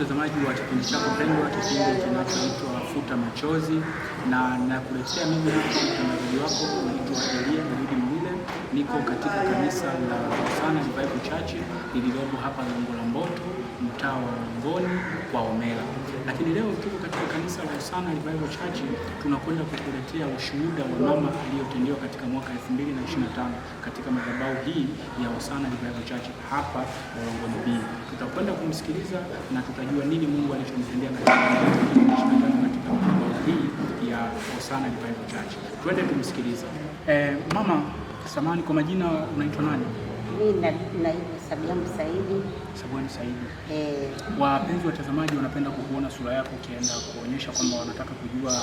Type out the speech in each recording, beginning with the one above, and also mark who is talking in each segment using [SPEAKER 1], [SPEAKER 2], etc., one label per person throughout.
[SPEAKER 1] mtazamaji wa kipindi chako pendwa, kipindi kinachoitwa Futa Machozi, na nakuletea mimi hapa mtangazaji wako unaitwa Elia David Mwile, niko katika kanisa la Hosanna Revival Church lililopo hapa Gongo la Mboto mtaa wa Ngoni kwa Omela. Lakini leo tuko katika kanisa la Usana Revival Church, tunakwenda kukuletea ushuhuda wa mama aliyotendewa katika mwaka 2025 katika madhabahu hii ya Usana Revival Church hapa eh, Ngoni B. Tutakwenda kumsikiliza na tutajua nini Mungu alichomtendea katika katika madhabahu hii ya Usana Revival Church. Twende tumsikilize. Eh, mama samani, kwa majina unaitwa nani? mimi Saidi. Sabiani Saidi. Eh. wapenzi watazamaji wanapenda kukuona sura yako ukienda kuonyesha kwamba wanataka kujua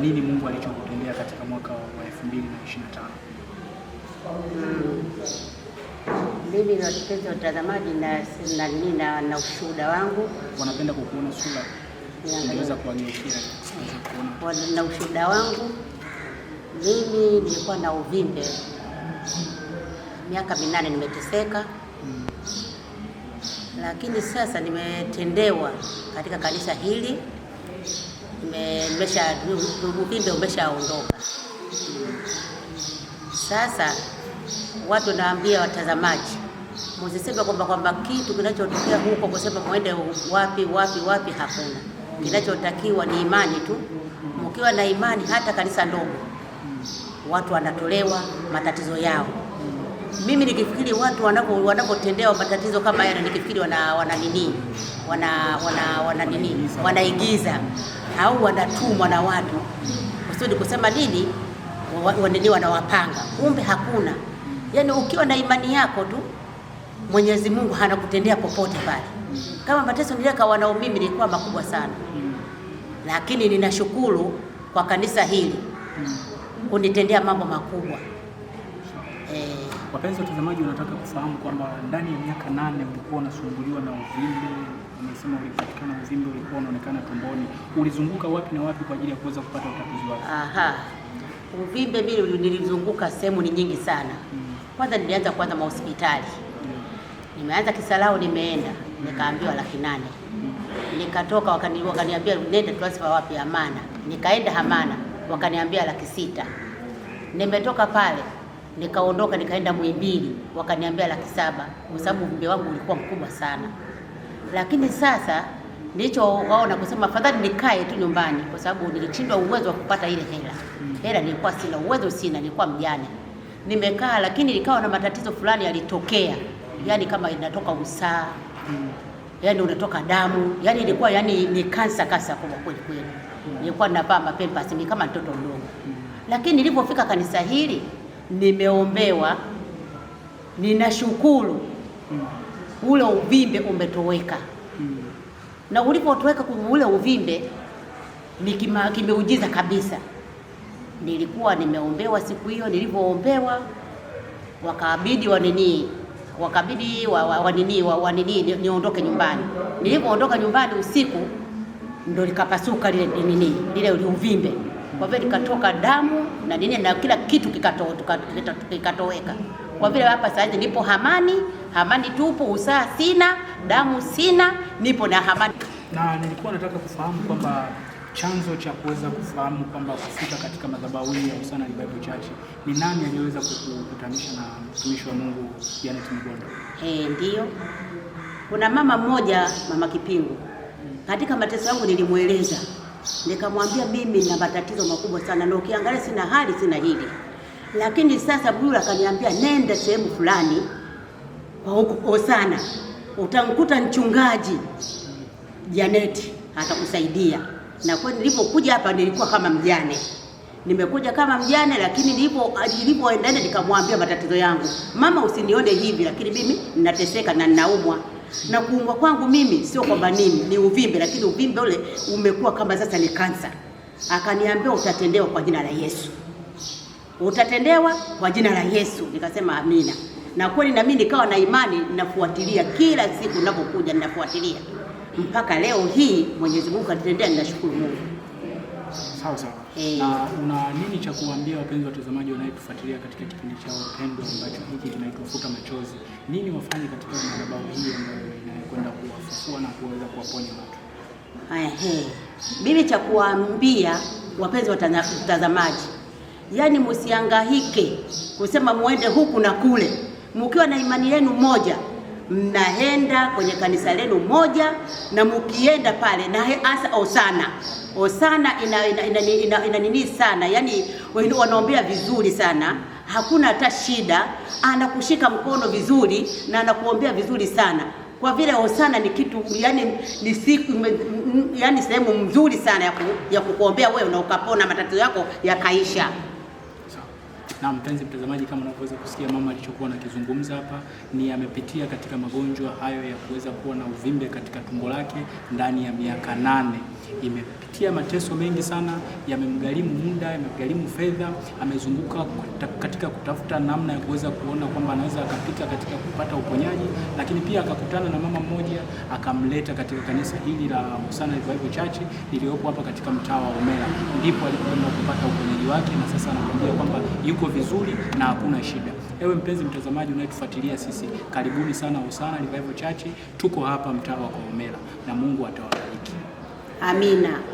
[SPEAKER 1] nini Mungu alichokutendea katika mwaka wa 2025. Mm. Mimi na wapenzi watazamaji na na ushuhuda wangu wanapenda kukuona sura unaweza kuwageukia na ushuhuda wangu mimi nilikuwa na uvimbe miaka minane nimeteseka Lakini sasa nimetendewa katika kanisa hili, nimesha uvimbe umeshaondoka. Sasa watu naambia watazamaji, msiseme kwamba kwamba kitu kinachotokea huko kusema mwende wapi wapi wapi, hakuna kinachotakiwa, ni imani tu. Mkiwa na imani, hata kanisa ndogo watu wanatolewa matatizo yao mimi nikifikiri watu wanapotendewa matatizo kama haya, nikifikiri wana wana nini wana wana wana nini wanaigiza au wanatumwa na watu kusudi kusema nini wanini wanawapanga, kumbe hakuna. Yani ukiwa na imani yako tu Mwenyezi Mungu hanakutendea popote pale. Kama mateso niliyaka wanao mimi nilikuwa makubwa sana, lakini ninashukuru kwa kanisa hili kunitendea mambo makubwa eh. Wapenzi watazamaji wanataka kufahamu kwamba ndani ya miaka nane ulikuwa unasumbuliwa na uvimbe, umesema ulipatikana uvimbe ulikuwa unaonekana tumboni. Ulizunguka wapi na wapi kwa ajili ya kuweza kupata utatuzi wake? Aha. Uvimbe mimi nilizunguka sehemu ni nyingi sana. Hmm. Kwanza nilianza kwanza mahospitali. Hmm. Nimeanza Kisalau nimeenda, hmm. nikaambiwa laki nane. Nikatoka wakaniambia wakani nenda transfer wapi Amana. Nikaenda Amana, wakaniambia laki sita. Nimetoka pale Nikaondoka nikaenda Muhimbili, wakaniambia laki saba kwa sababu uvimbe wangu ulikuwa mkubwa sana. Lakini sasa nilichowaona kusema afadhali nikae tu nyumbani, kwa sababu nilishindwa uwezo wa kupata ile hela. Hmm. Hela nilikuwa sina uwezo, sina, nilikuwa mjane. Nimekaa lakini nikawa na matatizo fulani yalitokea, hmm. yani kama inatoka usaa hmm. Yani unatoka damu, yani ilikuwa yani ni kansa kasa kwa kweli kweli. Nilikuwa ninavaa mapempa simi kama mtoto mdogo, lakini nilipofika kanisa hili nimeombewa, ninashukuru ule uvimbe umetoweka. Hmm. Na ulipotoweka kwa ule uvimbe ni kimeujiza kabisa. Nilikuwa nimeombewa siku hiyo, nilipoombewa wakabidi wanini wakabidi wanini wanini niondoke nyumbani. Nilipoondoka nyumbani usiku ndo likapasuka lile nini lile uvimbe kwa vile nikatoka damu na nini na kila kitu kikatoweka kikato, kwa vile hapa sasa nipo hamani hamani tupo, usaa sina, damu sina, nipo na hamani. Na nilikuwa nataka kufahamu kwamba chanzo cha kuweza kufahamu kwamba kufika katika madhabahu hii ya ni Bible Church ni nani aliyeweza kukutanisha na mtumishi wa Mungu Janet Mgonda? Eh, ndiyo, kuna mama mmoja, mama Kipingu, katika mateso yangu nilimweleza Nikamwambia mimi na matatizo makubwa sana, na ukiangalia sina hali, sina hili. Lakini sasa Bula akaniambia nenda sehemu fulani kwa huko Osana, utamkuta mchungaji Janeti atakusaidia. Na kweli nilipokuja hapa nilikuwa kama mjane, nimekuja kama mjane, lakini nilipo nilipoenda nikamwambia matatizo yangu, mama, usinione hivi, lakini mimi ninateseka na ninaumwa na kuumwa kwangu mimi sio kwamba nini ni uvimbe, lakini uvimbe ule umekuwa kama sasa ni kansa. Akaniambia utatendewa kwa jina la Yesu, utatendewa kwa jina la Yesu. Nikasema amina, na kweli na mimi nikawa na imani, ninafuatilia kila siku ninapokuja, ninafuatilia mpaka leo hii. Mwenyezi Mungu katendea, ninashukuru Mungu. Sawa sawa. Mm. Na una nini cha kuwaambia wapenzi watazamaji wanayetufuatilia katika kipindi chao Upendo ambacho hiki Futa machozi? Nini wafanye katika madhabahu hii ambayo inakwenda kuwafufua na kuweza kuwaponya watu? Haya, he. Mimi cha kuwaambia wapenzi watazamaji, yaani msiangahike kusema muende huku na kule, mkiwa na imani yenu moja mnaenda kwenye kanisa lenu moja, na mkienda pale na hasa osana osana ina ina, ina, ina, ina nini sana, yani wanaombea vizuri sana, hakuna hata shida, anakushika mkono vizuri na anakuombea vizuri sana kwa vile hosana ni kitu yani, ni siku yani sehemu mzuri sana ya, ku, ya kukuombea wewe na ukapona matatizo yako yakaisha. Na mpenzi mtazamaji, kama unavyoweza kusikia mama alichokuwa anakizungumza hapa, ni amepitia katika magonjwa hayo ya kuweza kuwa na uvimbe katika tumbo lake ndani ya miaka nane. Imepitia mateso mengi sana, yamemgharimu muda, yamemgharimu fedha, amezunguka katika kutafuta namna ya kuweza kuona kwamba anaweza akapita katika kupata uponyaji, lakini pia akakutana na mama mmoja akamleta katika kanisa hili la Hosana Revival Church lililopo hapa katika mtaa wa Omera, ndipo alipoenda kupata uponyaji wake na sasa anakuambia kwamba liko vizuri na hakuna shida. Ewe mpenzi mtazamaji unayetufuatilia sisi, karibuni sana Hosana Revival Church, tuko hapa mtaa wa Kaomela na Mungu atawabariki. Amina.